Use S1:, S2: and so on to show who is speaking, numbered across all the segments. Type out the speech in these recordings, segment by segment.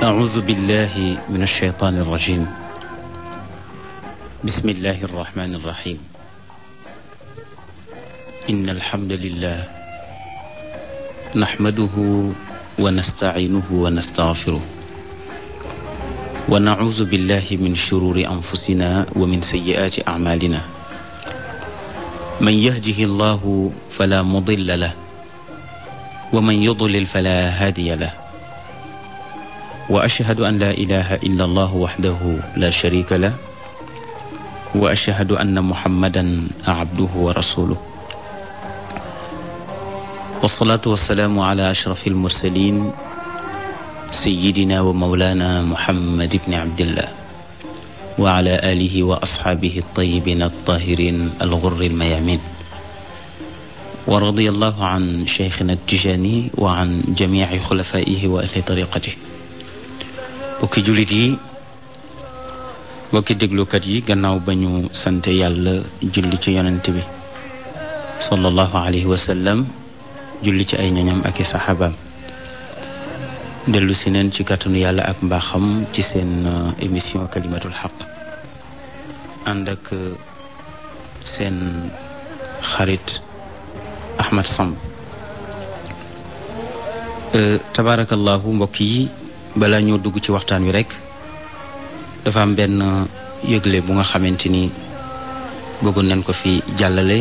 S1: أعوذ بالله من الشيطان الرجيم بسم الله الرحمن الرحيم إن الحمد لله نحمده ونستعينه ونستغفره ونعوذ بالله من شرور أنفسنا ومن سيئات أعمالنا من يهده الله فلا مضل له ومن يضلل فلا هادي له wa ashhadu an laa ilaha illa allah waxdahu la sharika la wa ashhadu anna muhammadan abduhu wa rasuluh wasalaatu wasalaamu ala ashraf almursalin sayidina wa maulana muhammad ibni abdillah wa ala alihi wa asxaabihi altayibin altahirin algurri almayamin wa radiallahu an cheikhina altijani wa an jamici xulafaihi wa ahli tariqatihi bokki jullit yi bokki déglukat yi gannaaw ba ñu sant yàlla julli ci yonent bi sallallahu alayhi wa julli ci ay ñoñam ak i saxaabaam dellu neen ci kàttanu yàlla ak mbaaxam ci seen uh, émission kalimatul xaq ànd ak uh, seen xarit Ahmed Samb uh, tabaarakallahu mbokk yi balaa ñoo dugg ci waxtaan wi rek dafa am benn yëgle bu nga xamante ni bëggoon nañ ko fi jàllale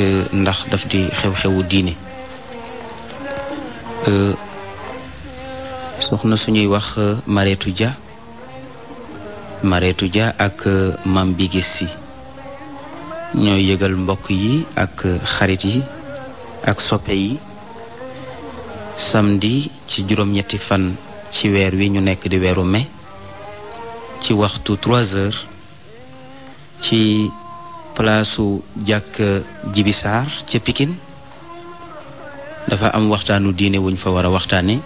S1: e, ndax daf di xew-xewu diine e, soxna suñuy wax e, Mareetu ja Mareetu ja ak Mam gis Si ñooy yëgal mbokk yi ak xarit yi ak soppe yi samdi ci juróom-ñetti fan ci weer wi ñu nekk di weeru mai ci waxtu trois heures ci palaasu jàkk jibisaar ca pikin dafa am waxtaanu diine wuñ fa war a waxtaane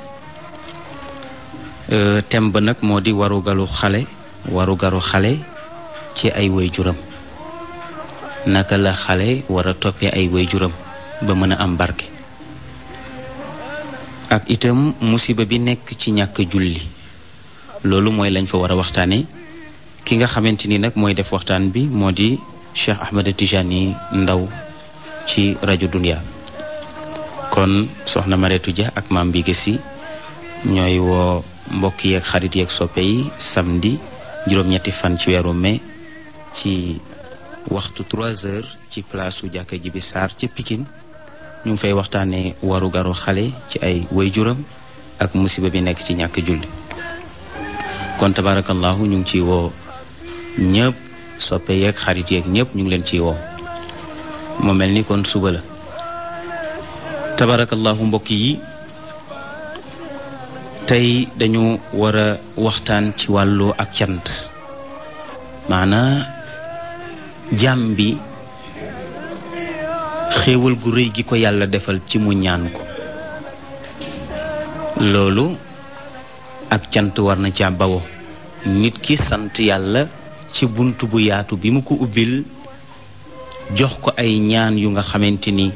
S1: euh, thème ba nag moo di warugalu xale warugaru xale ci ay waajuram naka la xale war a toppee ay waajuram ba mën a am barke ak itam musiba bi nekk ci ñàkk julli loolu mooy lañ fa war a waxtaane ki nga xamante ni nag mooy def waxtaan bi moo di Cheikh Ahmed Tijani Ndaw ci rajo Dunia kon soxna Mareetu Ja ak maam bi si ñooy woo mbokk yeeg xarit yeeg soppe yi samedi juróom-ñetti fan ci weeru mai ci waxtu 3 heures ci place su jàkka ji bi Sarr ca Pikine ñu ngi fay waxtaanee warugaru xale ci ay waajuram ak musiba bi nekk ci ñàkk julli kon tabaarakallaahu ñu ngi ciy woo ñëpp soppe yeeg xarit yeeg ñëpp ñu ngi leen ciy woo moo mel ni kon suba la tabaarakallaahu mbokk yi tey dañu war a waxtaan ci wàllu ak cant maanaa jaam bi xéewal gu rëy gi ko yàlla defal ci mu ñaan ko loolu ak cant war na ca bawo nit ki sant yàlla ci bunt bu yaatu bi mu ko ubbil jox ko ay ñaan yu nga xamante ni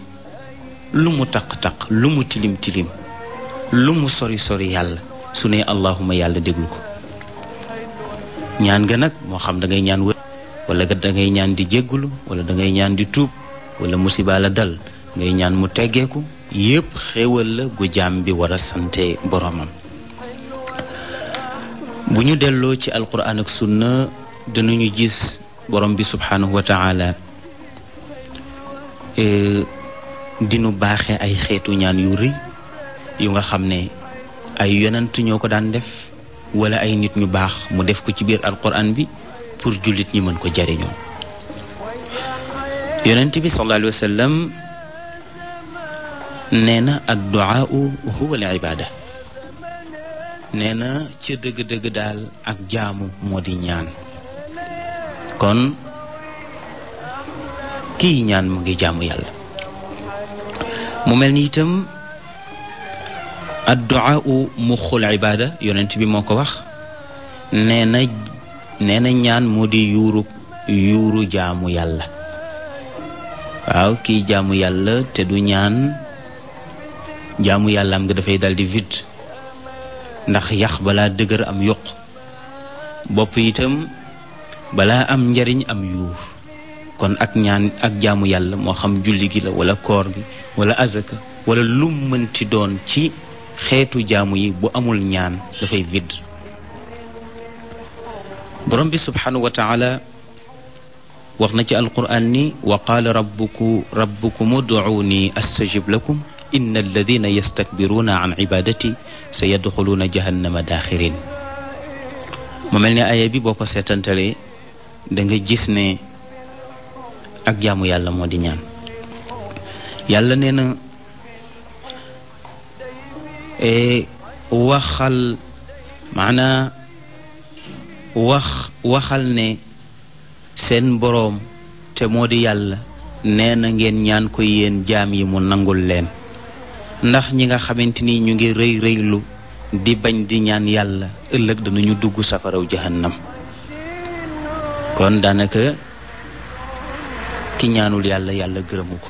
S1: lu mu taq-taq lu mu tilim-tilim lu mu sori-sori yàlla su ne allahuma yàlla déglu ko ñaan nga nag moo xam da ñaan wër wala da ñaan di jéggulu wala da ñaan di tuub wala musiba la dal ngay ñaan mu teggeeku yépp xewal la gu jaam bi war a sante boromam bu ñu delloo ci alquran ak sunna dinañu gis borom bi subhaanahu wa taala e, dinu baaxe ay xeetu ñaan yu rëy yu nga xam ne ay yonent ñoo ko daan def wala ay nit ñu baax mu def ko ci biir alquran bi pour jullit ñi mën ko jariñoo yonent bi sallallahu alayhi wa na adduaa huwa al ibaada nee na ca dëgg-dëgg daal ak jaamu moo di ñaan kon kii ñaan mu ngi jaamu yàlla mu mel ni itam adduaa muxul ibaada yonent bi moo ko wax nee na nee na ñaan moo di yuuru yuuru jaamu yàlla waaw kii jaamu yàlla te du ñaan jaamu yàlla am nga dafay daldi vide ndax yax balaa dëgër am yokk bopp itam balaa am njariñ am yuur kon ak ñaan ak jaamu yàlla moo xam julli gi la wala koor gi wala azaka wala lum mënti doon ci xeetu jaamu yi bu amul ñaan dafay vide borom bi subhanahu wa wax na ci alquran ni wa qaala rabbuku rabbukum ud'uuni astajib lakum inna alladina yastakbiruuna an daaxirin mu mel ne aaya bi danga ko seetantalee da gis ne ak jaamu yàlla moo di ñaan yàlla nee na e, waxal maanaa waxal ne seen boroom te moo di yàlla nee na ngeen ñaan ko yéen jaam yi mu nangul leen ndax ñi nga xamante ni ñu ngi rëy rëylu di bañ di ñaan yàlla ëllëg danañu dugg safaraw jahannam kon daanaka ki ñaanul yàlla yàlla gërëmu ko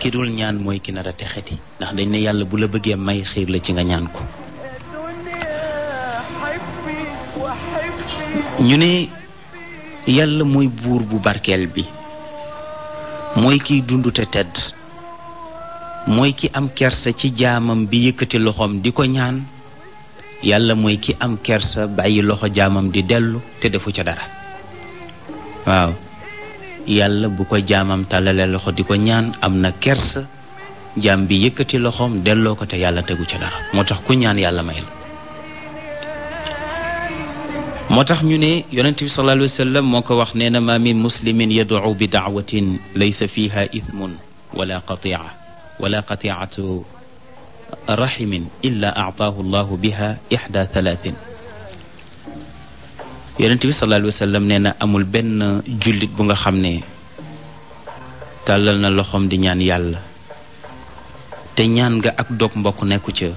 S1: ki dul ñaan mooy ki nar a texeti ndax dañ ne yàlla bu la bëggee may xiir la ci nga ñaan ko yàlla mooy buur bu barkeel bi mooy kiy dund te tedd mooy ki am kersa ci jaamam bi yëkkati loxoom di ko ñaan yàlla mooy kii am kersa bàyyi loxo jaamam di dellu te defu ca dara waaw yàlla bu ko jaamam tàllalee loxo di ko ñaan am na kersa jaam bi yëkkati loxoom delloo ko te yàlla tegu ca dara moo tax ku ñaan yàlla may la moo tax ñu ne yonent bi sallallahu alayhi wa moo ko wax nee na ma min muslimin yad'u bi da'watin laysa fiha ithmun wala qatia wala qatiatu rahimin illa a'taahu llahu biha ihda thalathin nee na amul benn jullit bu nga xam ne tàllal na loxoom di ñaan yàlla te ñaan nga ak dog mbokk nekku ca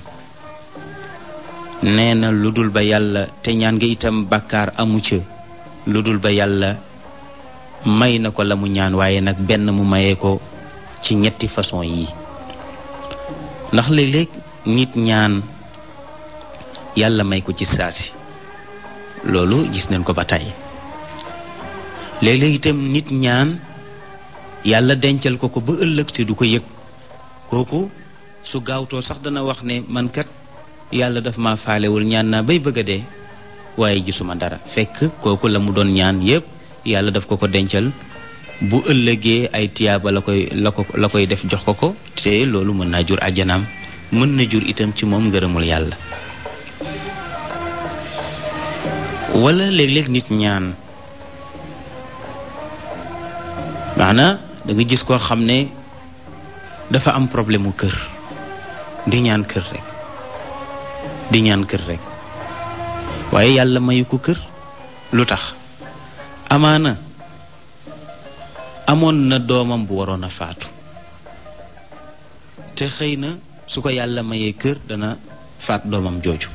S1: nee na lu dul ba yàlla te ñaan nga itam bàkkaar amu ca lu dul ba yàlla may na ko la mu ñaan waaye nag benn mu maye ko ci ñetti façon yi ndax léeg-léeg nit ñaan yàlla may ko ci saasi loolu gis nañ ko ba tay léeg-léeg itam nit ñaan yàlla dencal ko ko ba ëllëg te du ko yëg kooku su gaawtoo sax dana wax ne man yàlla daf ma faalewul ñaan naa bay bëgg a dee waaye gisuma dara fekk kooku la mu doon ñaan yépp yàlla daf ko ko dencal bu ëllëgee ay tiyaaba la koy la ko la koy def jox ko ko te loolu mën naa jur àjjanaam mën na jur itam ci moom ngërëmul yàlla wala léeg-léeg nit ñaan maanaa da gis koo xam ne dafa am problème mu kër di ñaan kër rek di ñaan kër rek waaye yàlla mayu ko kër lu tax amaana amoon na doomam bu waroon a faatu te xëy na su ko yàlla mayee kër dana faat doomam jooju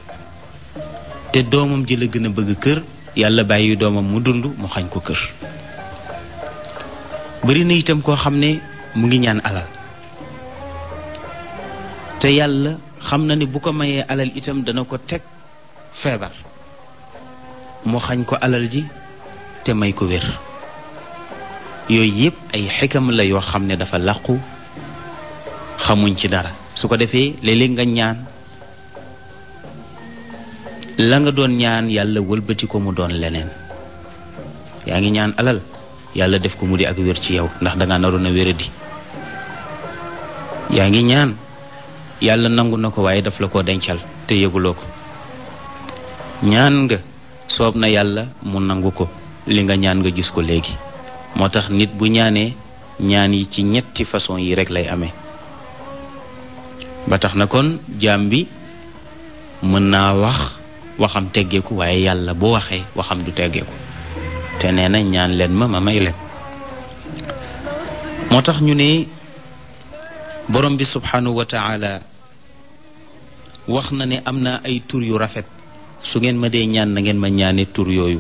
S1: te doomam ji la gën a bëgg kër yàlla bàyyi doomam mu dund mu xañ ko kër bari na itam koo xam ne mu ngi ñaan alal te yàlla xam na ni bu ko mayee alal itam dana ko teg feebar mu xañ ko alal ji te may ko wér yooyu yëpp ay xikam la yoo xam ne dafa làqu xamuñ ci dara su ko defee léeg nga ñaan la nga doon ñaan yàlla wëlbati ko mu doon leneen yaa ngi ñaan alal yàlla def ko mu di ak wér ci yow ndax danga naroon a wéradi yaa ngi ñaan yàlla nangu na ko waaye dafa la koo dencal te yëguloo ko ñaan nga soob na yàlla mu nangu ko li nga ñaan nga gis ko léegi moo tax nit bu ñaanee ñaan yi ci ñetti façon yi rekk lay ame ba tax na kon jaam bi mën naa wax waxam teggeeku waaye yàlla boo waxee waxam du teggeeku te nee na ñaan leen ma ma may leen moo tax ñu ne borom bi subhanahu wax na ne am na ay tur yu rafet su ngeen ma dee ñaan na ngeen ma ñaane tur yooyu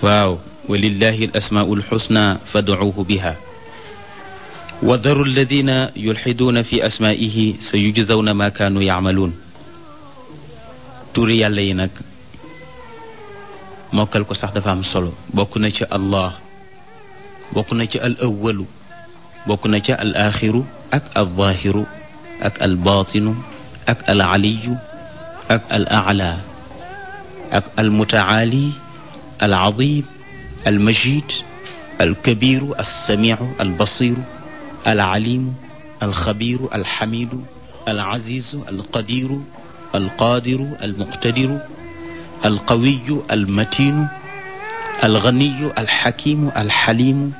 S1: waaw walillahi al asmaau alxusna fadcuuhu biha wa daru alladina yulxiduuna fi asmaa'ihi sa yujzawna ma kaanu yacmaluun tuuri yàlla yi nag mokkal ko sax dafa am solo bokk na ci allah bokk na ci al bokk na ci al ak al zaahiru ak al baatinu ak al aliyu ak al ala ak al mutaali al azim al majid al kabiru al samiu al basiru al alimu al xabiru al xamidu al azizu al qadiru al qadiru al muqtadiru al qawiyu al matinu al ganiyu al xakimu al xalimu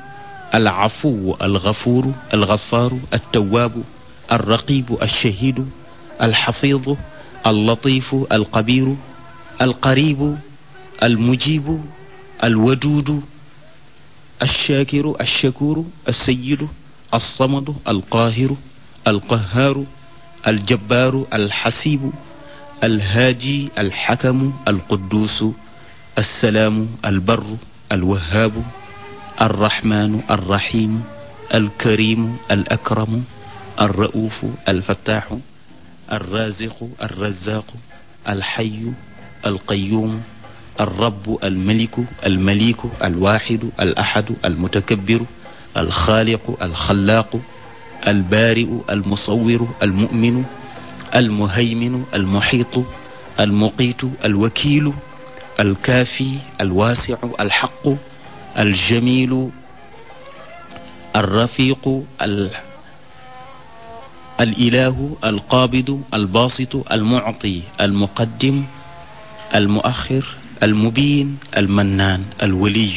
S1: al afuwu al gafuru al gafaru al tawaabu الرقيب الشهيد الحفيظ اللطيف القبير القريب المجيب الودود الشاكر الشكور السيد الصمد القاهر القهار الجبار الحسيب الهادي الحكم القدوس السلام البر الوهاب الرحمن الرحيم الكريم الأكرم alraufu alfataaxu alraziqu alrazaqu alxayu alqayuumu alrabu almaliku almaliku alwaxidu alaxadu almutakabiru alxaaliqu alxalaaqu albaariu almusawiru almuminu almuhayminu almuxiitu almuqiitu alwakiilu alkaafi alwaasicu alxaqu aljamiilu alrafiiqu al الإله القابض الباسط المعطي المقدم المؤخر المبين المنان الولي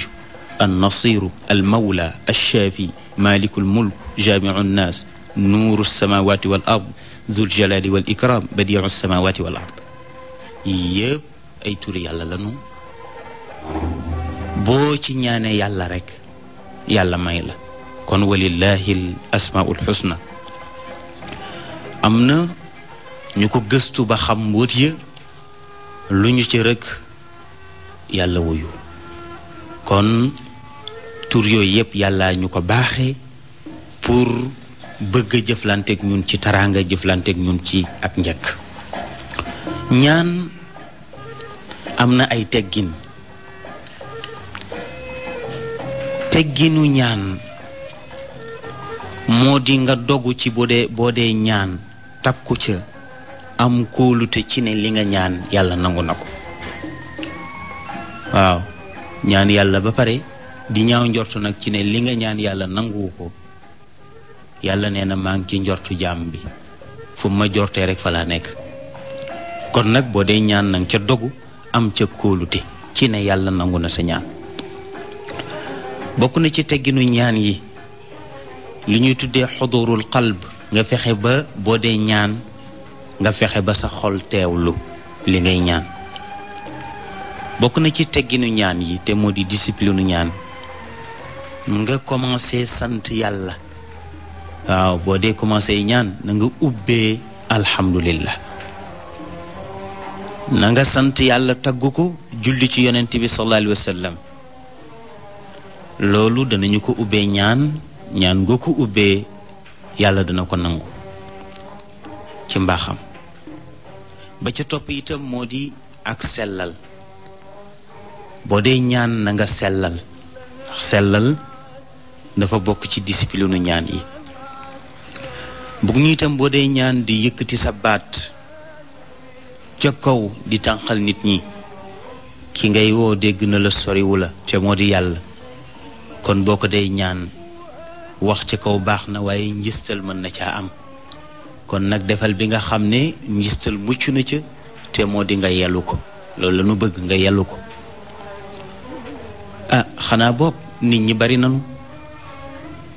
S1: النصير المولى الشافي مالك الملك جامع الناس نور السماوات والأرض ذو الجلال والإكرام بديع السماوات والأرض yépp ay turi yàlla lanu boo ci ñaane yàlla rekk yàlla may la kon walillahi al asmaul husna am na ñu ko gëstu ba xam mbóot ya lu ñu ci rek yàlla wuyu kon tur yooyu yépp yàlla ñu ko baaxe pour bëgg a jëflanteeg ñun ci taraanga jëflanteeg ñun ci ak njëkk ñaan am na ay teggin tegginu ñaan moo di nga dogu ci boo dee ñaan takku ca am kóolute ci ne li nga ñaan yàlla nangu na ko waaw ñaan yàlla ba pare di ñaaw njortu nag ci ne li nga ñaan yàlla nanguwu ko yàlla nee na maa ngi ci njortu jaam bi fu ma jorte rek fa laa nekk kon nag boo dee ñaan nang ca dogu am ca kóolute ci ne yàlla nangu na sa ñaan bokk na ci tegginu ñaan yi li ñuy tuddee xudurul qalb nga fexe ba boo dee ñaan nga fexe ba sa xol teewlu li ngay ñaan bokk na ci tegginu ñaan yi te moo di discipline ñaan nga commencé sant yàlla waaw boo dee commencé ñaan na nga ubbee alhamdulillah na nga sant yàlla tagg ko julli ci yonent bi sallallahu alayhi wa sallam loolu danañu ko ubbee ñaan ñaan nga ko ubbee yàlla dina ko nangu ci mbaaxam ba ca topp itam moo di ak sellal boo dee ñaan nanga nga sellal sellal dafa bokk ci disciplinu ñaan yi bugg ñu itam boo dee ñaan di yëkkati sa baat ca kaw di tànqal nit ñi ki ngay woo dégg na la soriwu la te moo di yàlla kon boo ko dee ñaan wax ci kaw baax na waaye njistal mën na caa am kon nag defal bi nga xam ne njistal mucc na ca te moo di nga yellu ko loolu la ñu bëgg nga yellu ko ah xanaa bopp nit ñi bari nañu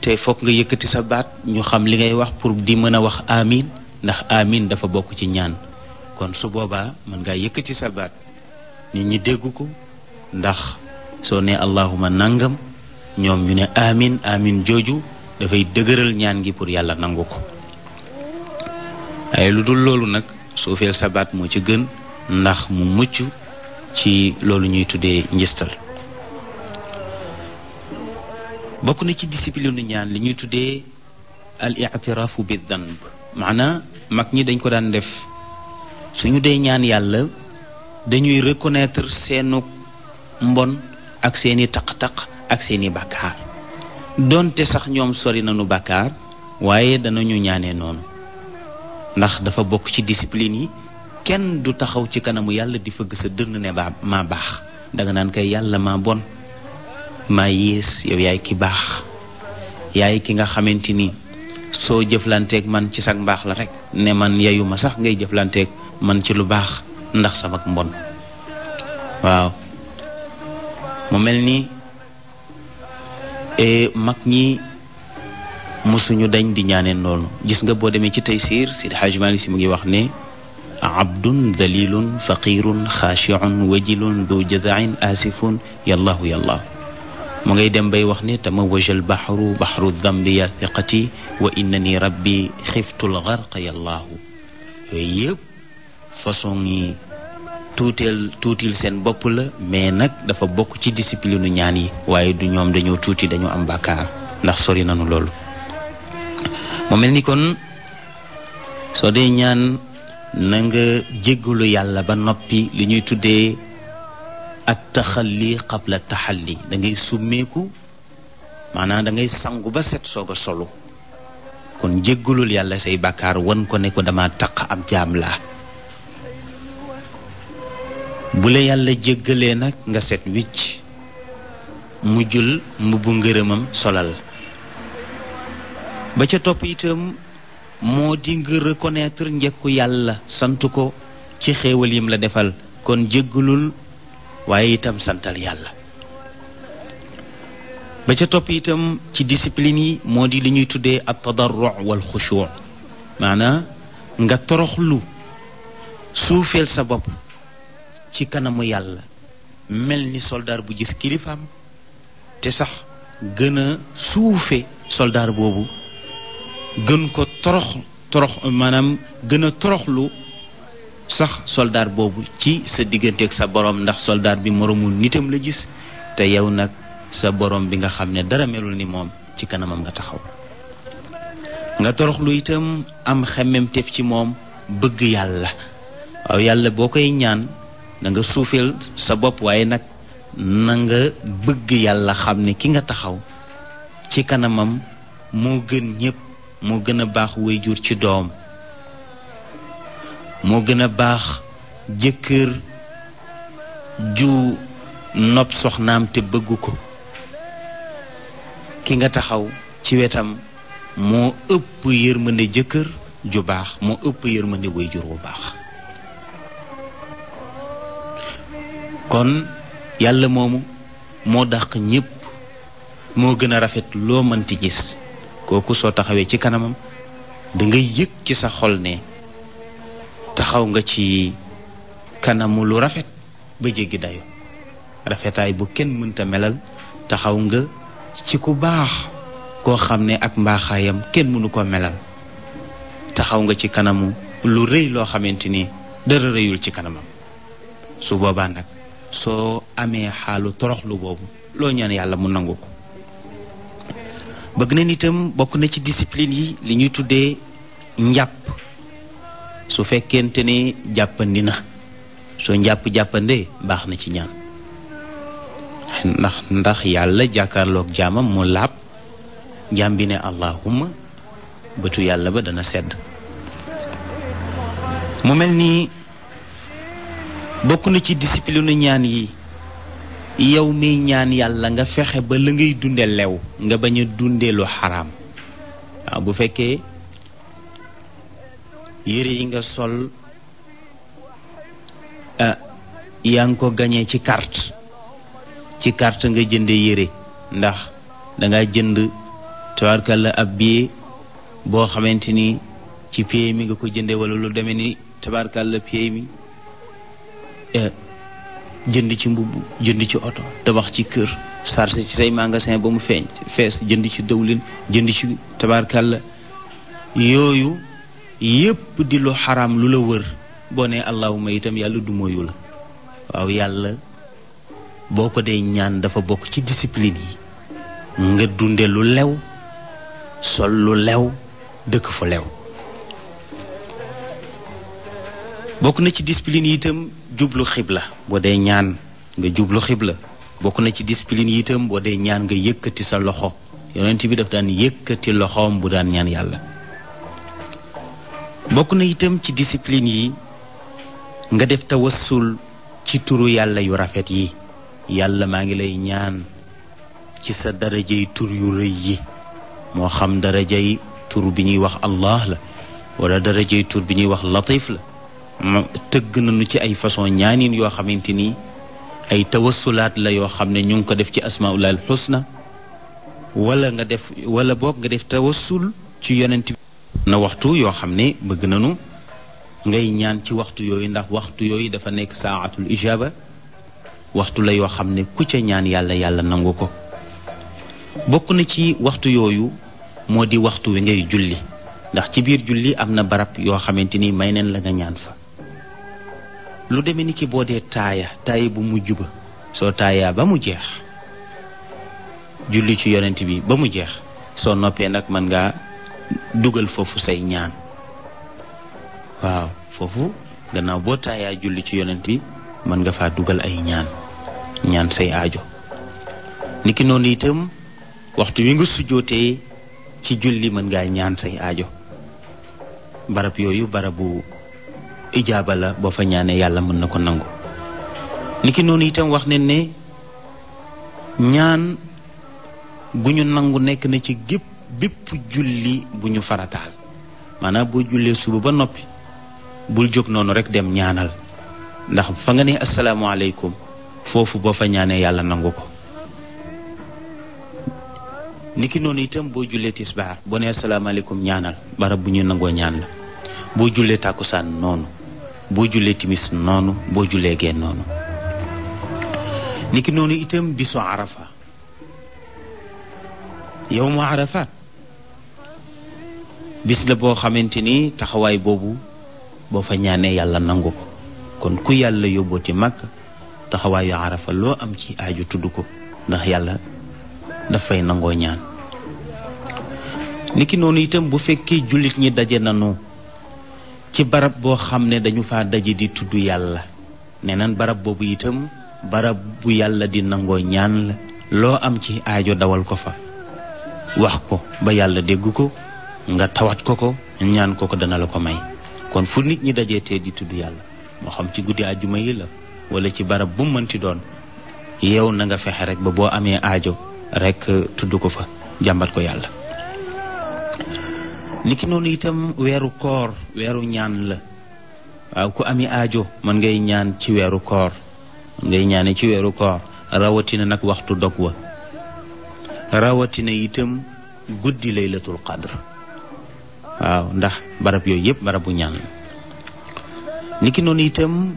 S1: te foog nga yëkkati sa baat ñu xam li ngay wax pour di mën a wax amiin ndax amiin dafa bokk ci ñaan kon su boobaa mën ngaa yëkkati sa baat nit ñi dégg ko ndax soo ne allahuma nangam ñoom ñu ne amiin amiin jooju dafay dëgëral ñaan gi pour yàlla nangu ko waaye lu dul loolu nag suufeel sabaat moo ca gën ndax mu mucc ci loolu ñuy tuddee njistal bokk na ci discipline ñaan li ñuy tuddee al itiraafu bi danb maanaa mag ñi dañ ko daan def suñu dee ñaan yàlla dañuy reconnaître seenu mbon ak seeni taq-taq ak seeni bàkkaar donte sax ñoom sori nañu bàkkaar waaye danañu ñaane noonu ndax dafa bokk ci discipline yi kenn du taxaw ci kanamu yàlla di fëgg sa dënn ne baa maa baax danga naan kay yàlla maa bon maa yées yow yaay ki baax yaay ki nga xamante ni soo jëflanteek man ci sag mbaax la rek ne man yeyu sax ngay jëflanteeg man ci lu baax ndax sama mbon waaw mu mel ni E mag ñi suñu dañ di ñaane loolu gis nga boo demee ci taysiir Sidi Hajj Maalik Si mu ngi wax ne abdun dalilun faqirun xaashiun wajilun du jadain asifun yallahu yallahu mu ngay dem bay wax ne tamawaja albaxru baxru dambi ya thiqati wa innani rabbi xiftu lgarqa yallahu yooyu yëpp façon yi tuuteel tuutil seen bopp la mais nag dafa bokk ci discipline ñaan yi waaye du ñoom dañoo tuuti dañoo am bàkkaar ndax sori nañu loolu mu mel ni kon soo dee ñaan na nga jéggalu yàlla ba noppi li ñuy tuddee at taxalli qabla taxalli da ngay summeeku maanaam dangay sangu ba set soo a solu kon jéggalul yàlla say bàkkaar wan ko ne ko dama taq ab jaam la bu la yàlla jéggalee nag nga set wicc mu jul mbubb ngërëmam solal ba ca topp itam moo di nga reconnaître njëkku yàlla sant ko ci xéewal yim la defal kon jéggalul waaye itam santal yàlla ba ca topp itam ci discipline yi moo di li ñuy tuddee ab tadarru wal xushuu maanaa nga toroxlu suufeel sa bopp ci kanamu yàlla mel ni soldaar bu gis kilifaam te sax gën a suufe soldaar boobu gën ko torox torox maanaam gën a toroxlu sax soldaar boobu ci sa diggante ak sa borom ndax soldaar bi moroomu nitam la gis te yow nag sa borom bi nga xam ne dara melul ni moom ci kanamam nga taxaw nga toroxlu itam am xemmemteef ci moom bëgg yàlla waaw yàlla boo koy ñaan na nga suufeel sa bopp waaye nag na nga bëgg yàlla xam ne ki nga taxaw ci kanamam moo gën ñépp moo gën a baax waajur ci doom moo gën a baax jëkkër ju nopp soxnaam te bëgg ko ki nga taxaw ci wetam moo ëpp yërmande jëkkër ju baax moo ëpp yërmande waajur bu baax kon yàlla moomu moo dàq ñépp moo gën a rafet loo mënti gis kooku soo taxawee ci kanamam dangay ngay yëg ci sa xol ne taxaw nga ci kanamu lu rafet ba jéggi dayo rafetaay bu kenn mënta melal taxaw nga ci ku baax koo xam ne ak mbaxaayam kenn mënu ko melal taxaw nga ci kanamu lu rëy loo xamante ni dara réyul ci kanamam su boobaa nag soo amee xaalu toroxlu boobu loo ñaan yàlla mu nangu ko bëgg na nitam bokk na ci discipline yi li ñuy tuddee njàpp su fekkente ne jàppandi na soo njàpp jàppandee baax na ci ñaan ndax ndax yàlla jàkkaarloog jaamam mu laab jaam bi ne allahumma bëtu yàlla ba dana sedd mu mel nii bokk na ci discipline ñaan yi yow mi ñaan yàlla nga fexe ba la ngay dunde lew nga bañ a dunde lu xaraam waaw bu fekkee yére yi nga sol ah, yaa ngi ko gañee ci kart ci kart nga jënde yére ndax danga jënd tabarkalla ab billet boo xamante ni ci pay mi nga ko jënde wala lu demee ni tabarkalla pay mi Eh, jënd ci mbubb jënd ci oto tabax ci kër sarse ci say magasin ba mu feeñ fees jënd ci dawlin jënd ci tabaarkàlla yooyu yépp di lu xaraam lu la wër boo nee allahuma itam yàlla du moyu la waaw yàlla boo ko dee ñaan dafa bokk ci discipline yi nga dunde lu lew sol lu lew dëkk fu lew bokk na ci discipline yi jublu xibla boo dee ñaan nga jublu xibla bokk na ci discipline yi itam boo dee ñaan nga yëkkati sa loxo yonent bi daf daan yëkkëti loxoom bu daan ñaan yàlla bokk na itam ci discipline yi nga def tawassul ci turu yàlla yu rafet yi yàlla maa ngi lay ñaan ci sa darajay tur yu rëy yi moo xam darajay tur bi ñuy wax allah la wala darajay tur bi ñuy wax latif la tëgg nañu ci ay façon ñaaniin yoo xamante ni ay tawassulaat la yoo xam ne ñu ngi ko def ci asmaullahi alxusna wala nga def walla boog nga def tawassul ci yonent bi na waxtu yoo xam ne bëgg nañu ngay ñaan ci waxtu yooyu ndax waxtu yooyu dafa nekk saatul ijaaba waxtu la yoo xam ne ku ca ñaan yàlla yàlla nangu ko bokk na ci waxtu yooyu moo di waxtu wi ngay julli ndax ci biir julli am na barab yoo xamante ni may neen la nga ñaan fa lu demee ni ki boo dee taaya taaya bu mu ba soo taayaa ba mu jeex julli ci yonent bi ba mu jeex soo noppee nag mën ngaa dugal foofu say ñaan waaw foofu gannaaw boo taayaa julli ci yonent bi mën nga faa dugal ay ñaan ñaan say aajo niki noonu itam waxtu wi nga sujjootee ci julli mën ngaa ñaan say aajo barab yooyu barabu ijaaba la boo fa ñaanee yàlla mën na ko nangu niki noonu itam wax ne ni ñaan gu ñu nangu nekk na ci gépp bépp julli bu ñu farataal maanaam boo jullee suba ba noppi bul jóg noonu rek dem ñaanal ndax fa nga ne asalaamaaleykum foofu boo fa ñaanee yàlla nangu ko niki noonu itam boo jullee tisbaar boo ne asalaamaaleykum ñaanal barab bu ñu nangoo ñaan la boo jullee tàkkusaan noonu boo jullee timis noonu boo jullee gee noonu niki noonu itam bisu arafa yow mu arafa bis la boo xamante ni taxawaay boobu boo fa ñaanee yàlla nangu ko kon ku yàlla yóbboo ci mag taxawaayu arafa loo am ci aaju tudd ko ndax yàlla dafay nangoo ñaan niki noonu itam bu fekkee jullit ñi daje nanu ci barab boo xam ne dañu fa daje di tudd yàlla nee nan barab boobu itam barab bu yàlla di nangoo ñaan la loo am ci aajo dawal ko fa wax ko ba yàlla dégg ko nga tawat ko ko ñaan ko ko dana la ko may kon fu nit ñi dajee te di tudd yàlla moo xam ci guddi àjjuma yi la wala ci barab bu mënti doon yow na nga fexe rek ba boo amee aajo rek tudd ko fa jàmbat ko yàlla li ki noonu itam weeru koor weeru ñaan la waaw ku ami ajo mën ngay ñaan ci weeru koor mën ngay ñaane ci weeru koor rawatina nag waxtu dog wa rawatina itam guddi laylatul qadr waaw ndax barab yooyu yëpp barabu ñaan la ni ki noonu itam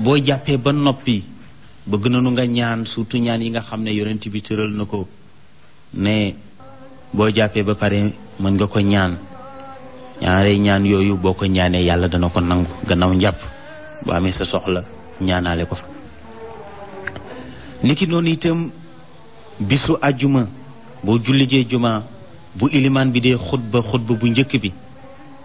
S1: boo jàppee ba noppi bëgg nanu nga ñaan surtout ñaan yi nga xam ne yonent bi tëral na ko ne boo jàppee ba pare mën nga ko ñaan ñaare ñaan yooyu boo ko ñaanee yàlla dana ko nangu gannaaw njàpp boo amee sa soxla ñaanaale ko fa niki noonu itam bisu àjjuma boo jullijee juma bu ilimaan bi dee xutba xutba bu njëkk bi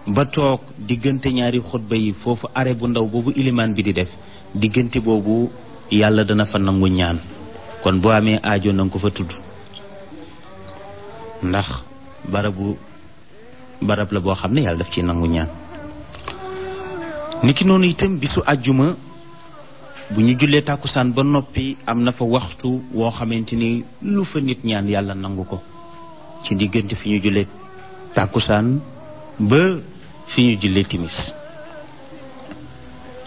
S1: ba toog diggante ñaari xutba yi foofu are bu ndaw boobu ilimaan bi di def diggante boobu yàlla dana fa nangu ñaan kon boo amee aajo nanga ko fa tudd barabu barab la boo xam ne yàlla daf ci nangu ñaan niki noonu itam bisu àjjuma bu ñu jullee tàkkusaan ba noppi am na fa waxtu woo xamante ni lu fa nit ñaan yàlla nangu ko ci diggante fi ñu jullee tàkkusaan ba fi ñu jullee timis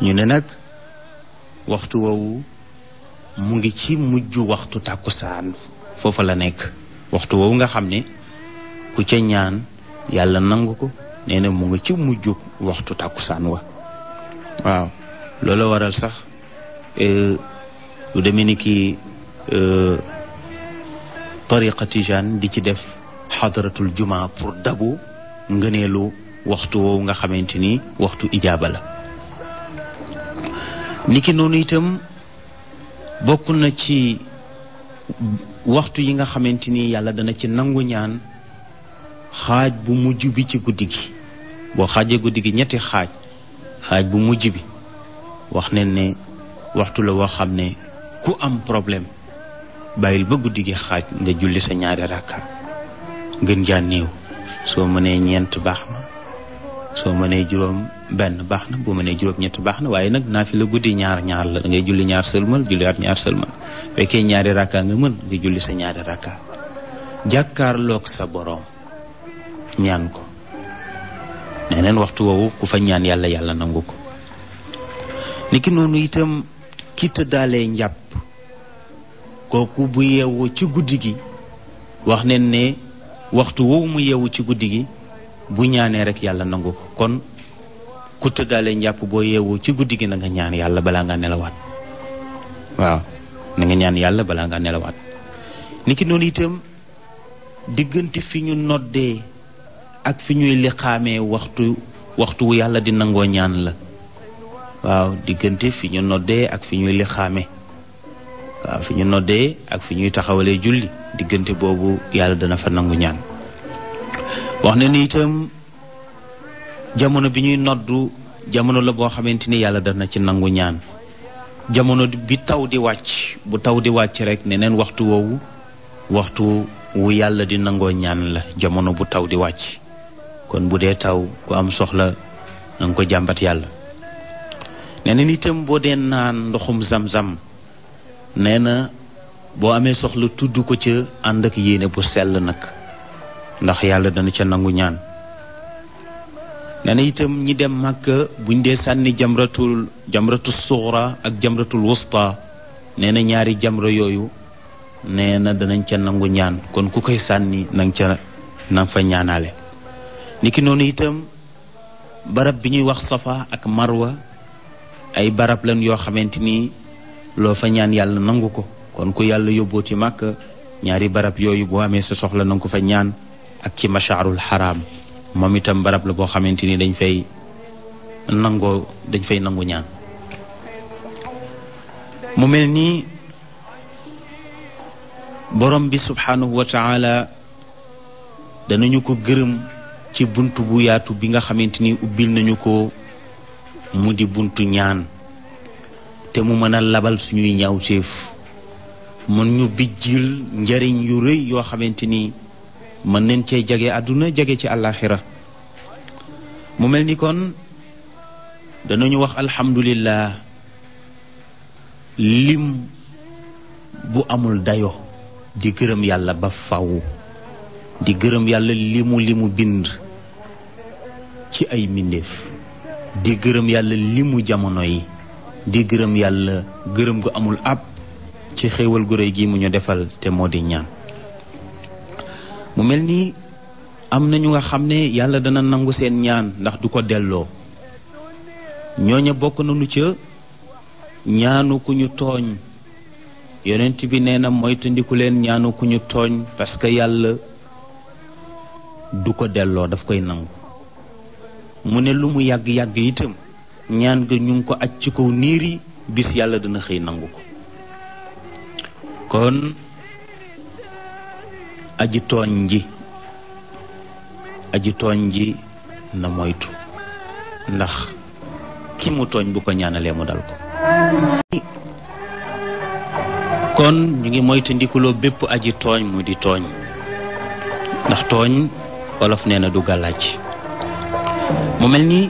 S1: ñu ne nag waxtu woowu mu ngi ci mujj waxtu tàkkusaan foofa la nekk waxtu woowu nga xam ne ku ca ñaan yàlla nangu ko nee na mu nga ci mujj waxtu tàkkusaan wa waaw loola waral sax euh, lu demee ni ki euh, tariqa tijaan di ci def xadaratul juma pour dabu ngëneelu waxtu woowu nga xamante ni waxtu ijaaba la niki noonu itam bokk na ci waxtu yi nga xamante ni yàlla dana ci nangu ñaan xaaj bu mujj bi ci guddi gi boo xaajee guddi gi ñetti xaaj xaaj bu mujj bi wax ne ne waxtu la woo xam ne ku am problème bàyyil ba guddi gi xaaj nga julli sa ñaari rakka gën jaa néew soo mënee ñeent baax na soo mënee juróom benn baax na bu mënee juróom ñett baax na waaye nag naa la guddi ñaar ñaar la dangay julli ñaar sëlmal julliwaat ñaar sëlmal fekkee ñaari rakka nga mën nga julli sa ñaari rakka jàkkaarloog sa boroom ñaan ko nee waxtu woowu ku fa ñaan yàlla yàlla nangu ko niki noonu itam ki tëddaalee njàpp kooku bu yeewoo ci guddi gi wax neen ne waxtu woowu mu yeewu ci guddi gi bu ñaanee rek yàlla nangu ko kon ku tëddaalee njàpp boo yeewoo ci guddi gi na nga ñaan yàlla balaa nga nelawaat waaw ñaan yàlla balaa nga nelawaat niki noonu itam diggante fi ñu noddee ak fi ñuy liqaamee waxtu waxtu wu yàlla di nangoo ñaan la waaw diggante fi ñu noddee ak fi ñuy liqaamee waaw fi ñu noddee ak fi ñuy taxawalee julli diggante boobu yàlla dana fa nangu ñaan wax na ni itam jamono bi ñuy noddu jamono la boo xamante ni yàlla na ci nangu ñaan jamono bi taw di wàcc bu taw di wàcc rek ne neen waxtu woowu waxtu wu yàlla di nangoo ñaan la jamono bu taw di wàcc kon bu dee taw ku am soxla na ko jàmbat yàlla nee na boo dee naan ndoxum zam-zam nee na boo amee soxla tudd ko ca ànd ak yéene bu sell nag ndax yàlla dana ca nangu ñaan nee na itam ñi dem màkka buñ dee sànni jamratul jamratu suxra ak jamratul wusta nee na ñaari jamra yooyu nee na danañ ca nangu ñaan kon ku koy sànni nañ ca nang fa ñaanaale niki noonu itam barab bi ñuy wax safa ak marwa ay barab lan yoo xamante ni loo fa ñaan yàlla nangu ko kon ku yàlla yóbbooti màkk ñaari barab yooyu boo amee sa soxla nanga ko fa ñaan ak ci mashaarul xaraam moom itam barab la boo xamante ni dañ fay nangoo dañ nangu ñaan mu mel nii borom bi subhaanahu wa danañu ko gërëm ci bunt bu yaatu bi nga xamante ni ubbil nañu ko mu di buntu ñaan te mu mën a labal suñuy ñaawteef mën ñu bijjil njariñ yu rëy yoo xamante ni mën nañ cee jage àdduna jege ci àllaaxira mu mel ni kon dana ñu wax alhamdulillah lim bu amul dayo di gërëm yàlla ba faw di gërëm yàlla li mu li bind ci ay mbindéef di gërëm yàlla li mu jamono yi di gërëm yàlla gërëm gu amul ab ci xéewal gu réy gi mu ñu defal te moo di ñaan mu mel ni am na ñu nga xam ne yàlla dana nangu seen ñaan ndax du ko delloo ñooña bokk na lu ca ñaanu ku ñu tooñ yonent bi nee na moytandiku leen ñaanu ku ñu tooñ parce yàlla du ko delloo daf koy nangu mu ne lu mu yàgg-yàgg itam ñaan ga ñu ngi ko aj ci kaw niir yi bis yàlla dina xëy nangu ko kon aji tooñ ji aji tooñ ji na moytu ndax ki bu ko ñaanalee mu dal ñu ngi moytandikuloo bépp aji tooñ di ndax tooñ olof nee na du gàllaaj mu mel nii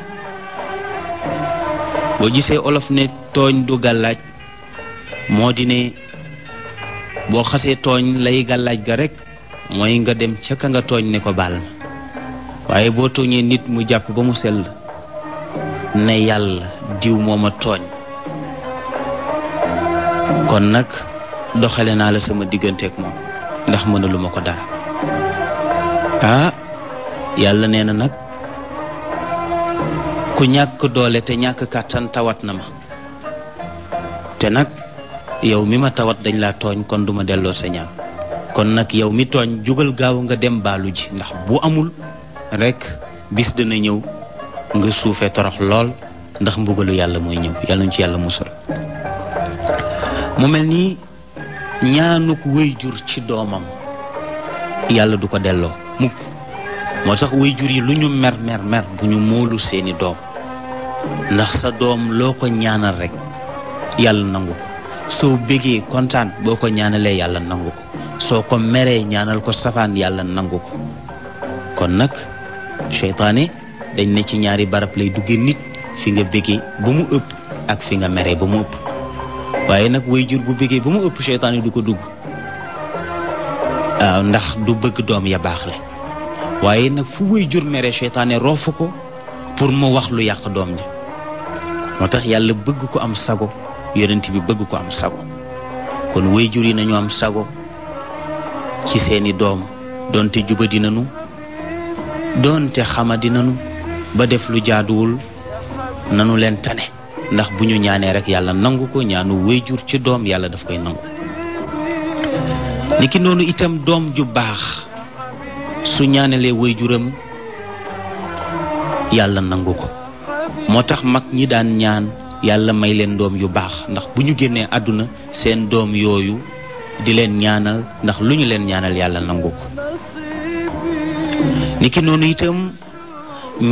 S1: boo gisee olof ne tooñ du gàllaaj moo di ne boo xasee tooñ lay gàllaaj ga rekk mooy nga dem ca ka nga tooñ ne ko baal ma waaye boo tooñee nit mu jàpp ba mu sell ne yàlla diw moo ma tooñ kon nag doxale naa la sama digganteek moom ndax mënaluma ko dara ah, yàlla nee na nag ku ñàkk doole te ñàkk kàttan tawat na ma te nag yow mi ma tawat dañ la tooñ kon duma delloo sa ñaan kon nag yow mi tooñ jógal gaaw nga dem baalu ji ndax bu amul rekk bis dina ñëw nga suufee torox lool ndax mbugalu yàlla mooy ñëw yàlla ñu ci yàlla musal mu mel nii ñaanuk wéy jur ci doomam yàlla du ko delloo mukk moo tax way jur yi lu ñu mer mer mer bu ñu moolu seeni doom ndax sa doom loo ko ñaanal rek yàlla nangu ko soo bégee kontaan boo ko ñaanalee yàlla nangu ko soo ko meree ñaanal ko safaan yàlla nangu ko kon nag seytaane dañ ne ci ñaari barab lay duggee nit fi nga bégee bu mu ëpp ak fi nga meree ba mu ëpp waaye nag way jur bu bégee ba mu ëpp seytaane du ko dugg waaw ndax du bëgg doom ya baax le waaye nag fu wuy jur mere seytaane roofu ko pour mu wax lu yàq doom ji moo tax yàlla bëgg ko am sago yonent bi bëgg ko am sago kon wuy jur yi nañu am sago ci seeni doom doonte juba dinanu doonte xama dinanu ba def lu jaaduwul nanu leen tane ndax bu ñu ñaanee rek yàlla nangu ko ñaanu wuy jur ci doom yàlla daf koy nangu niki noonu itam doom ju baax su ñaanalee waajuram yàlla nangu ko moo tax mag ñi daan ñaan yàlla may leen doom yu baax ndax bu ñu génnee àdduna seen doom yooyu di leen ñaanal ndax lu ñu leen ñaanal yàlla nangu ko niki noonu itam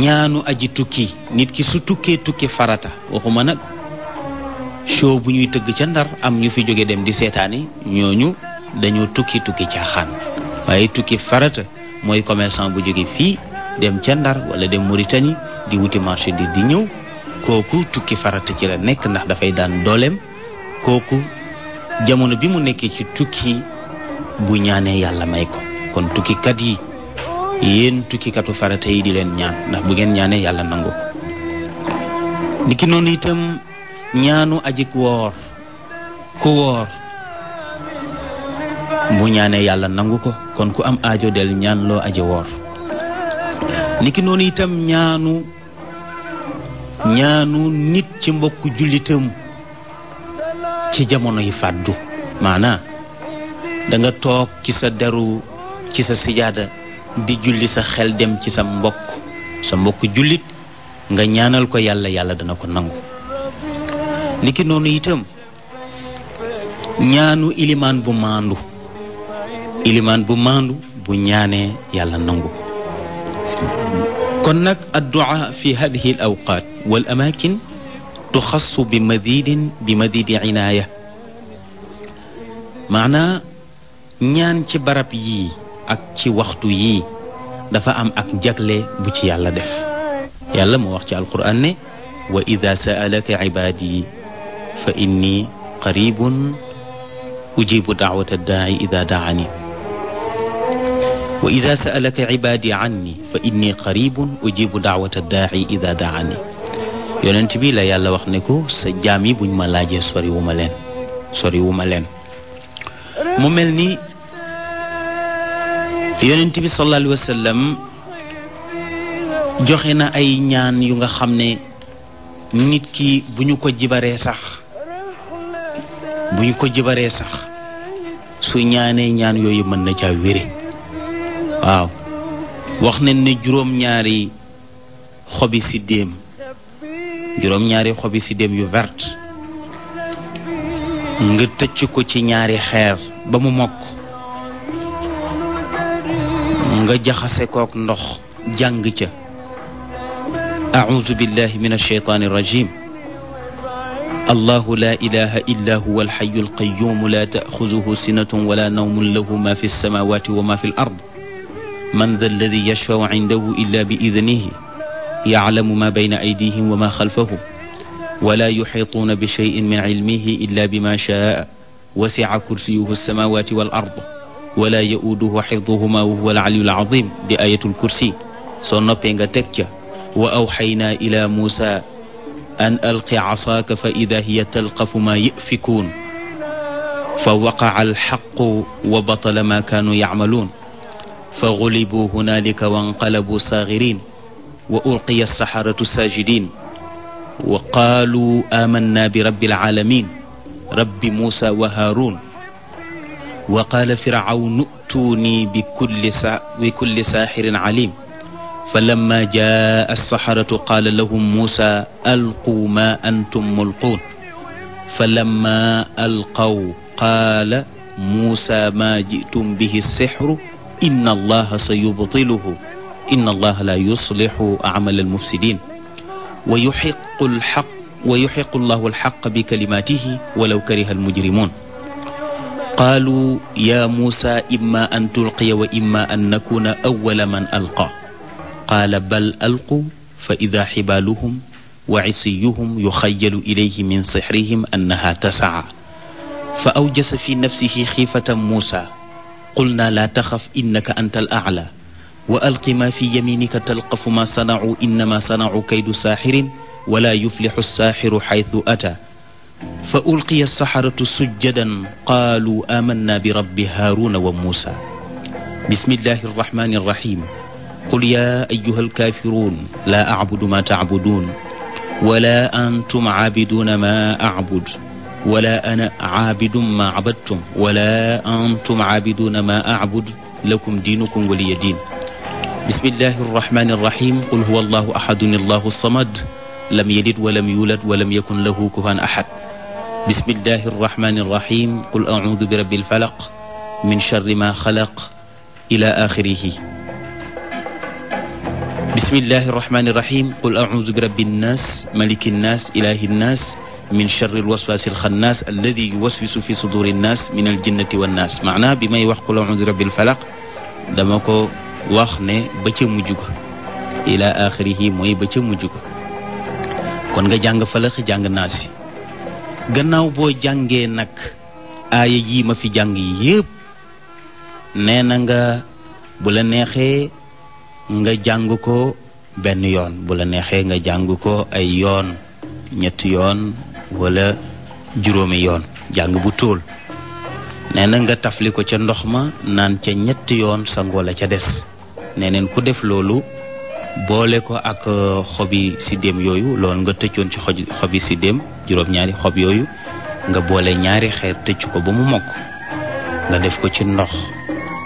S1: ñaanu aji tukki nit ki su tukkee tukki farata waxuma nag show bu ñuy tëgg ca ndar am ñu fi jóge dem di seetaani ñooñu dañoo tukki tukki caaxaan waaye tukki farata mooy commerçant bu jóge fii dem ca Ndar wala dem Mauritanie di wuti marchandise di ñëw kooku tukki farata ci la nekk ndax dafay daan dooleem kooku jamono bi mu nekkee ci tukki bu ñaanee yàlla may ko kon tukkikat yi yéen tukkikatu farata yi di leen ñaan ndax bu ngeen ñaanee yàlla nangu ko niki noonu itam ñaanu ajik woor ku bu ñaanee yàlla nangu ko kon ku am aajo del ñaan loo aji woor niki noonu itam ñaanu ñaanu nit ci mbokk jullitam ci jamono yi fàddu maanaa danga toog ci sa deru ci sa sijaada di julli sa xel dem ci sa mbokk sa mbokk jullit nga ñaanal ko yàlla yàlla dana ko nangu niki noonu itam ñaanu ilimaan bu maandu ilimaan bu maandu bu ñaanee yàlla nangu kon nag addu'a fi hadihi al awqaat wal amaakin tuxassu bi madidin bi madidi inaaya maanaa ñaan ci barab yii ak ci waxtu yii dafa am ak jagle bu ci yàlla def yàlla moo wax ci alquran ne wa ida saalaka ibaadi fa inni qaribun ujibu daawata daai ida daani wa ida saalaka ibaadi anni fa inni qaribun ujibu daawata daaci ida daani yonent bi la yàlla wax ne ko sa jaam yi buñ ma laajee sori wu ma leen sori wu ma leen mu mel ni yonent bi sallallahu alayhi wa sallam joxe na ay ñaan yu nga xam ne nit ki bu ñu ko jibaree sax bu ñu ko jibaree sax su ñaanee ñaan yooyu mën na caa wére waaw wax nañ ne juróom-ñaari xobi si déem juróom-ñaari xobi si déem yu vert nga tëcc ko ci ñaari xeer ba mu mokk nga jaxase kook ndox jàng ca أعوذ بالله من الشيطان الرجيم الله لا إله إلا هو الحي القيوم لا تأخذه سنة ولا نوم له ما في السماوات وما في الأرض man dha alladi yashfau indahu illa bi idnihi yaclamu ma bayna aydihim wa ma xalfahum wala yuxituuna bi cheyin min cilmihi illa bima shaa wasica kursiyuhu alsamawati wal ard wala yauduhu xifduhuma wa huwa alcaliyu alcazim di ayatul kursi soo noppee nga teg ca wa awxaynaa ila muusa an alqi casaaka fa ida hiya talqafu maa yafikuun fa waqaca alxaqu wa batala maa kaanuu yacmaluun fa xulibu hunaalika wanqalabu saaxirin wa ulqiya saxaratu saajidin wa qaalu aamannaa bi rabbil caalamiin rabbi muusa wa haaruun wa qaala fircawnu ituunii bi kulli sa bi kulli saaxirin caliim falammaa jaa assaxaratu qaala lahum muusa alquu maa antum mulquun falammaa alqaw qaala muusa maa ji'tum bihi sixru inna allaha sa yubtiluhu inna allaha la yuslihu amal almufsidin wa yuxiqu alxaq wa yuxiqu allahu alxaq bi kalimatihi walaw kariha almujrimun qaalu ya muusa imma an tulqiya wa imma an nakuna awala man alqa qaala bal alqu fa ida xibaaluhum wa cisiyuhum yuxayalu ilayhi min sixrihim annaha tasaa fa awjasa fi nafsihi xiifatan muusa qulna laa taxaf innaka anta al aala wa alqi ma fi yaminika talqafu ma sanacu innama sanacu kaydu saaxirin wala yuflixu saaxiru xaytu ata fa ulqiya saxaratu sujjadan qaalu amanna bi rabbi haaruna wa muusa bismillahi arrahmani arrahim qul yaa ayuha alkaafiruun laa acbudu maa tacbuduun wala antum caabiduuna maa acbud wala ana aabidum ma abadtum wala antum aabiduuna ma aabud lakum diinukum waliya diin bismillahi arrahmani irrahim qul huwa allahu ahadun allahu samad lam yalid walam yulad walam yakun lahu kufuwan ahad bismillahi arrahmani irrahim qul audu bi rabbil falaq min charri ma xalaq ila axirihi bismillahi arrahmani irrahim qul audu bi rabbin nas malikin nas ilahin nas min charri alwaswaasi alxannaas alladi yuwaswisu fi suduri nnaas min aljinnati wannaas bi may wax qul audu rabbil falaq dama ko wax ne ba ca mujj ko ila axirihi mooy ba ca ko kon nga jàng falax jàng naas gannaaw boo jàngee nag aaya yii ma fi jàng yépp nee na nga bu neexee nga jàng ko benn yoon bu la neexee nga jàng ko ay yoon ñetti yoon wala juróomi yoon jàng bu tóol nee na nga tafli ko ca ndox ma naan ca ñetti yoon sangoo la ca des nee neen ku def loolu boole ko ak euh, xobi siddéem yooyu loolu nga tëccoon ci xoj xobi siddéem juróom-ñaari xob yooyu nga boole ñaari xeer tëcc ko ba mu mokk nga def ko ci ndox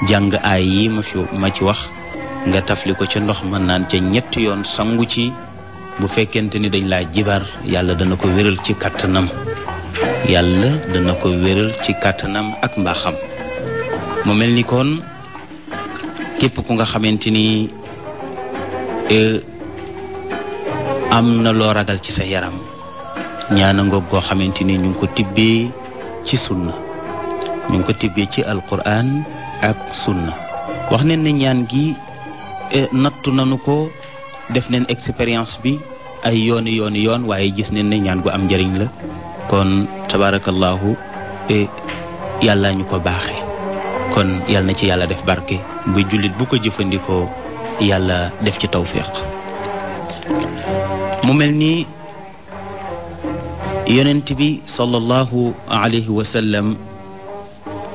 S1: jàng aay yi ma ma ci wax nga tafli ko ca ndox ma naan ca ñetti yoon sangu ci bu fekkente ni dañ laa jibar yàlla dana ko wéral ci kàttanam yàlla dana ko wéral ci kàttanam ak mbaaxam mu mel ni kon képp ku nga xamante ni e, am na loo ragal ci sa yaram ñaana ngoog goo xamante ni ñu ngi ko tibbee ci sunna ñu ngi ko tibbee ci alquran ak sunna wax ne ñaan gi e, nattu nanu ko def neen expérience bi ay yooni yooni yoon waaye gis neen ne ñaan gu am njariñ la kon tabaarakallaahu e, yàlla ñu ko baaxe kon yàlla ci yàlla def barke bu jullit bu ko jëfandikoo yàlla def ci tawfiq mu mel ni yonent bi sallallahu alayhi wa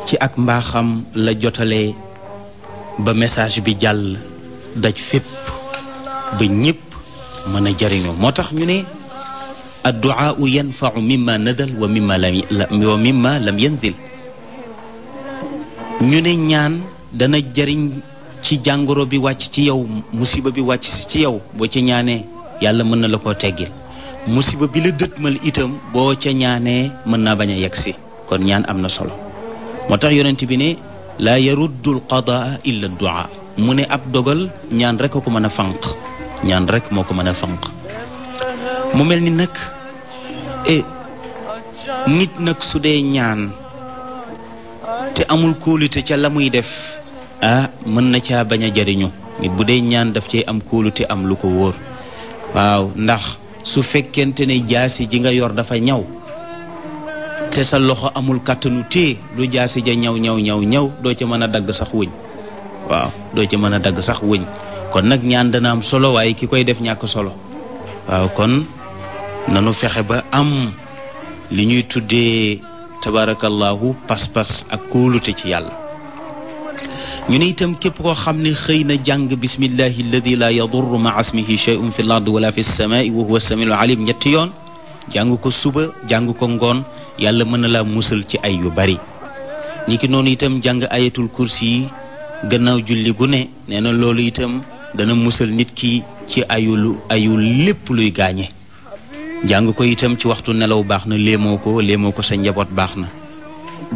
S1: ci ak mbaaxam la jotalee ba message bi jàll daj fépp ba ñëpp mën a jariñoo moo tax ñu ne adduaa yanfau mimma nadal wa mimma lam wa mimma ñu ne ñaan dana jariñ ci jàngoro bi wàcc ci yow musiba bi wàcc ci yow boo ca ñaanee yàlla mën na la koo teggil musiba bi la dëtmal itam boo ca ñaanee mën naa bañ a yegg si kon ñaan am na solo moo tax yonent bi ne laa yaruddu alqadaa illa adduaa mu ne ab dogal ñaan rek a ko mën a fànq ñaan rek moo ko mën a fanq mu mel ni nag e nit nag su dee ñaan te amul kóolute ca la muy def ah mën na caa bañ a jariñu nit bu dee ñaan daf cee am kóolute am lu ko wóor waaw ndax su fekkente ne jaasi ji nga yor dafa ñaw te sa loxo amul kàttanu téye lu jaasi ja ñaw ñaw ñaw ñaw doo ci mën a dagg sax wëñ waaw doo ci mën a dagg sax wëñ kon nag ñaan dana am solo waaye ki koy def ñàkk solo waaw kon nanu fexe ba am li ñuy tuddee tabaarakallaahu pas-pas ak kóolute ci yàlla ñu ne itam képp koo xam ne xëy na jàng bismillahi alladi laa yadurru maa asmihi shay'un fi l ard wala fi samaai ñetti yoon jàng ko suba jàng ko ngoon yàlla mën na laa musal ci ay yu bari niki noonu itam jàng ayatul kursi gannaaw julli gu nee na loolu itam dana musal nit ki ci ayul ayul lépp luy gaañe jàng ko itam ci waxtu nelaw baax na léemoo ko léemoo ko sa njaboot baax na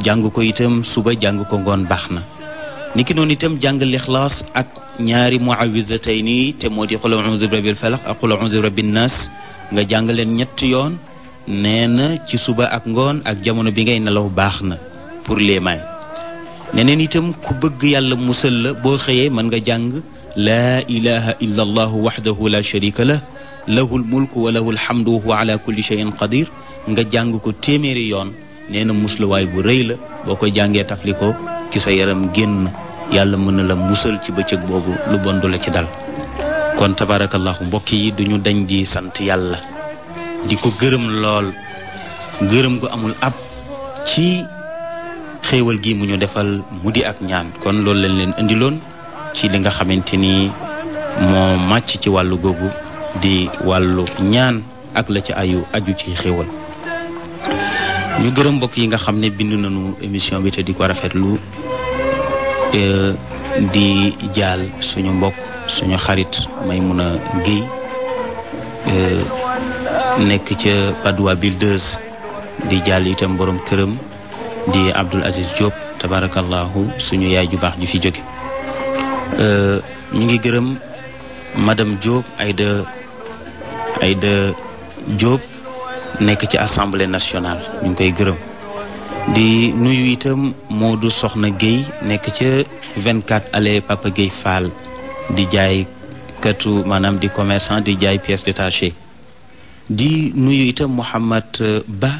S1: jàng ko itam suba jàng ko ngoon baax na niki noonu itam jàng lixlaas ak ñaari muawizatay nii te moo di qul a'uuzu bi rabbil falaq ak qul a'uuzu bi rabbin nga jàng leen ñett yoon neena ci suba ak ngoon ak jamono bi ngay nelaw baax na pour léemaay neneen itam ku bëgg yàlla musal la boo xëyee mën nga jàng laa ilaha illa allahu waxdahu la sharika lah lahul mulku wa lahul xamdu wa ala kulli cheyin qadir nga jàng ko téeméeri yoon nee na musluwaay bu rëy la boo koy jàngee tafli ko ci sa yaram génn yàlla mën na la musal ci bëccëg boobu lu bon du la ci dal kon tabarakallahu mbokk yi duñu dañ di sant yàlla di ko gërëm lool gërëm gu amul ab ci xéewal gi mu ñu defal mu di ak ñaan kon loolu lañ leen indiloon ci li nga xamante ni moo màcc ci wàllu googu di wàllu ñaan ak la ci ayu aju ci xéewal ñu gërëm mbokk yi nga xam ne bind na nañu émission bi te di ko rafetlu di jaal suñu mbokk suñu xarit Maymuna Géy nekk ca Padoua Builders di jaal itam boroom këram di Abdoul Aziz Diop tabarakallahu suñu yaay ju baax ju fi jóge Euh, ñu ngi gërëm madam Diop Aïda Aïda Diop nekk ci assemblée nationale ñu ngi koy gërëm di nuyu itam du Soxna Guèye nekk ca 24 allée Papa Guèye Fall di jaay katu maanaam di commerçant di jaay pièces détachées di nuyu itam Mouhamad euh, Ba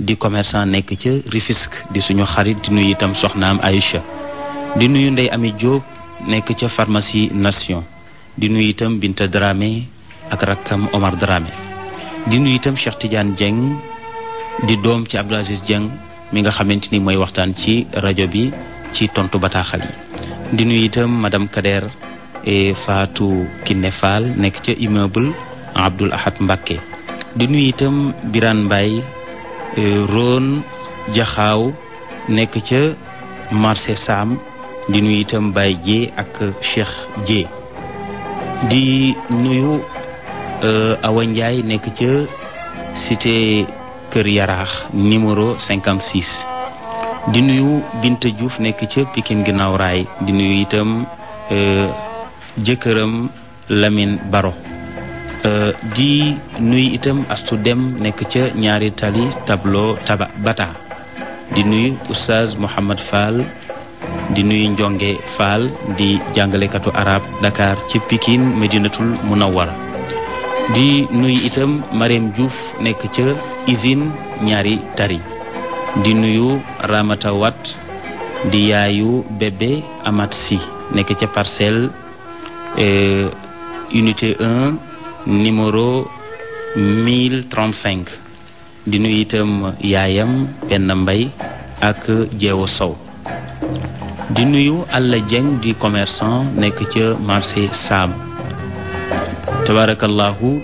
S1: di commerçant nekk ca Rufisque di suñu xarit di nuyu itam soxnaam Aïcha di nuyu Ndey Ami Diop nekk ca pharmacie Nation di nuyu itam Binta Dramé ak rakkam Omar Dramé di nuyu itam Cheikh Tidiane Dieng di doom ci Abdou Aziz Dieng mi nga xamante ni mooy waxtaan ci rajo bi ci tontu bataaxal yi di nuyu itam madame Kader et Fatou Kiné nekk ca immeuble Abdoul Ahad Mbacké di nuyu itam Birane Mbaye e Rone Jaxaaw nekk ca marché Sam di nuyu itam Baye Dieng ak Cheikh Dieng di nuyu euh, Awa Ndiaye nekk ca cité Kër Yaraax numéro 56. di nuyu bint Diouf nekk ca pikin ginnaaw raay di nuyu itam euh, jëkkëram Lamine Baro. Euh, di nuyu itam astu dem nekk ca ñaari tali tableau taba bata di nuyu oustaz Mouhamad Fall. di nuyu Njonge Fall di jàngalekatu arab Dakar ci pikin Medinatul Munawwara di nuyu itam Marème juuf nekk ca isin ñaari tari di nuyu Ramata Wat di yaayu bébé Amat Si nekk ca parcelle eh, unité 1 numéro 1035 di nuyu itam yaayam Penn Mbay ak Jeewo Sow di nuyu Alla Dieng di commerçant nekk ca marché Sam tabarakallahu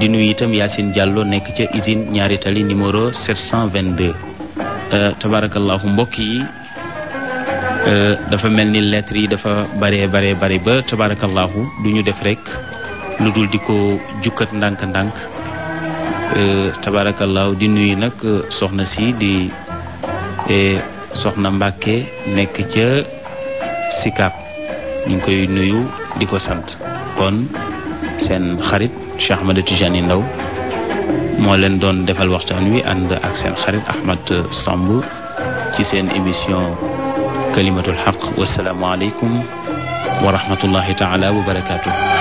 S1: di nuyu itam Yacine Diallo nekk ca usine ñaari tali numéro 722 euh, tabarakallahu mbokk yi euh, dafa mel ni lettres yi dafa bare bare bare ba tabarakallahu du ñu def rek lu dul di ko jukkat ndànk-ndànk euh, tabarakallahu di nuyu nag soxna si di eh, soxna Mbàkke nekk ca Sicap ñu ngi koy nuyu di ko sant kon seen xarit Cheikh Ahmed Tidiane Ndao moo leen doon defal waxtaan wi ànd ak seen xarit Ahmed Samb ci seen émission kalimatul xaq wasalaamualeykum wa rahmatullahi taala wa